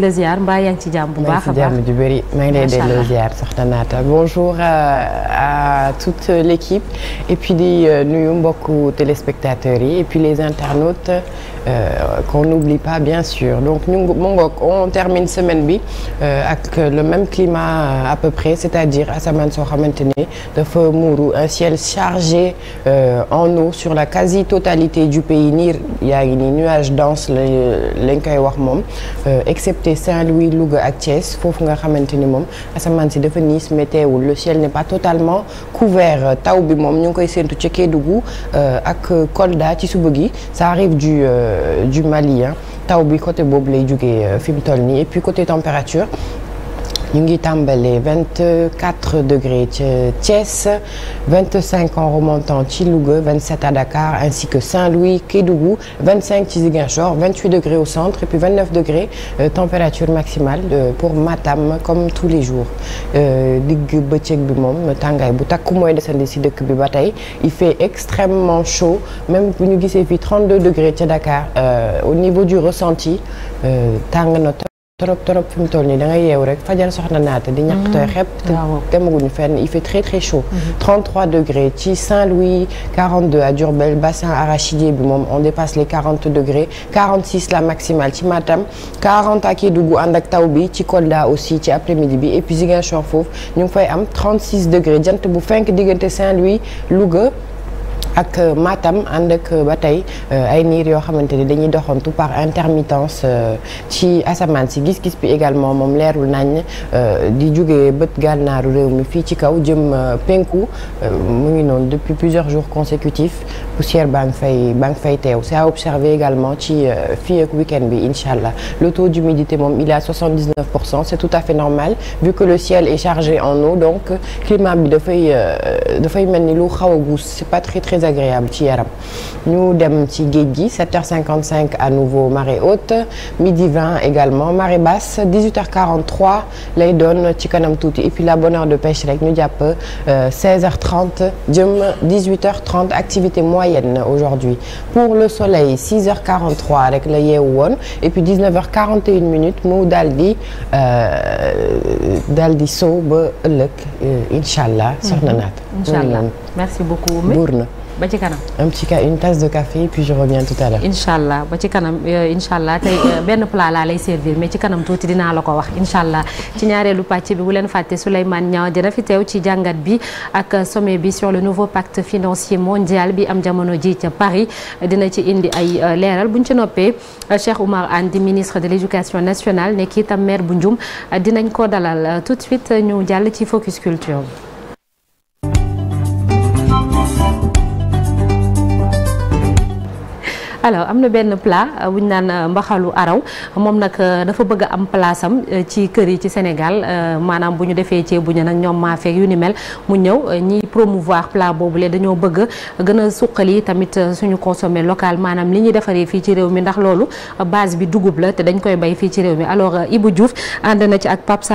di la ziar mbaa yaa ngi ci jàmm bu baax a baax maa ngi ci jàmm ju bëri maa ngi lay delloo ziar soxna Naata bonjour à, euh, à toute l'équipe et puis di euh, nuyu mbokku téléspectateurs yi et puis les internautes euh, qu'on n'oublie pas bien sûr donc ñu mu ngoog on termine semaine bi euh, ak le même climat euh, à peu près c'est-à-dire asamaan soo xamante ni dafa muuru un ciel chargé euh, en eau sur la quasi-totalité du pays niir yaa ngi ni nuage dense lañ koy wax moom excepté diggante Saint-Louis Louga ak Thiès foofu nga xamante ni moom asamaan si dafa niis mais teewul le ciel n'est pas totalement couvert taw bi moom ñu ngi koy séntu ca duggu euh, ak Kolda ci suba gi ça arrive du euh, du taw bi côté boobu lay jógee euh, fi mu toll nii et puis côté température. ñu ngi tàmbalee vingt quatre degré ci Thiès vingt cinq en remontant ci Louga vingt sept à Dakar ainsi que Saint-Louis Kédougou vingt cinq ci Ziguinchor vingt huit degré au centre et puis degré euh, température maximale euh, pour Matam comme tous les jours euh, digg bëccëg bi moom tàngaay bu takku mooy desandi si dëkk bi ba tey il fait extrêmement chaud même bu ñu gisee fii trente deux degré ca Dakar au niveau du ressenti tàng na. trop trop fi mu toll nii da ngay yeewu rek fajar soxna naata di ñàkk tooy mm-hmm. xepp te demaguñu fenn il fait très très chaud 33 mm-hmm. degrés ci Saint-Louis 42 à Diourbel bassin arachidier bi moom on dépasse les 40 degrés 46 la maximale ci Matam 40 à Kédougou ànd ak taw bi ci Kolda aussi ci après-midi bi et puis Ziguinchor foofu ñu ngi fay am 36 degrés jant bu fenk diggante Saint-Louis Louga ak euh, Matam ànd ak euh, ba tey euh, ay niir yoo xamante ni dañuy doxantu par intermittence ci asamaan si gis-gis bi également moom leerul nañ di jugee bët gànnaaru réew mi fii ci kaw jëm penku mu ngi noonu depuis plusieurs jours consécutifs poussière baa ngi fay baa ngi fay teew c'est à observer également ci fii ak week-end bi incha allah le taux d'humidité moom il est à 79 pour cent c'est tout à fait normal vu que le ciel est chargé en eau donc climat bi dafay dafay mel ni lu xaw a guus c'est pas très très agréable ci yaram ñu dem ci géej gi 7h55 à nouveau marée haute midi 20 également marée basse 18h43 lay doon ci kanam tuuti et puis de pêche rek ñu jàpp 16h30 euh, jëm 18h30 activité moyenne aujourd'hui pour le soleil 6h43 rek la yeewu woon et puis 19h41 minutes mu daal di euh, daal di sow ba ëllëg euh, incha ba ci kanam. une tasse de café puis je incha allah ba ci kanam euh, incha allah tey euh, benn plat laa lay servir mais ci kanam tuuti dinaa la ko wax incha allah ci ñaareelu pàcc bi bu leen fàtte Souleymane Niang dina fi teew ci jàngat bi ak sommet bi sur le nouveau pacte financier mondial bi am jamono ji ca Paris dina ci indi ay euh, leeral buñ ci noppee Cheikh Oumar Anne di ministre de l'éducation nationale nekk itam maire bu Ndioum dinañ ko dalal tout de suite ñu jàll ci focus culture. alors am na benn plat euh, bu ñu naan euh, mbaxalu araw moom nag euh, dafa bëgg am place am ci kër yi ci Sénégal maanaam bu ñu defee ceebu ñu nag ñoom maa feeg yu ni mel mu ñëw ñiy promouvoir plat boobule dañoo bëgg gën a suqali tamit suñu consommer local maanaam li ñuy defaree fii ci réew mi ndax loolu base bi dugub la te dañ koy bay fii ci réew mi alors Ibou Diouf ànd na ci ak Pape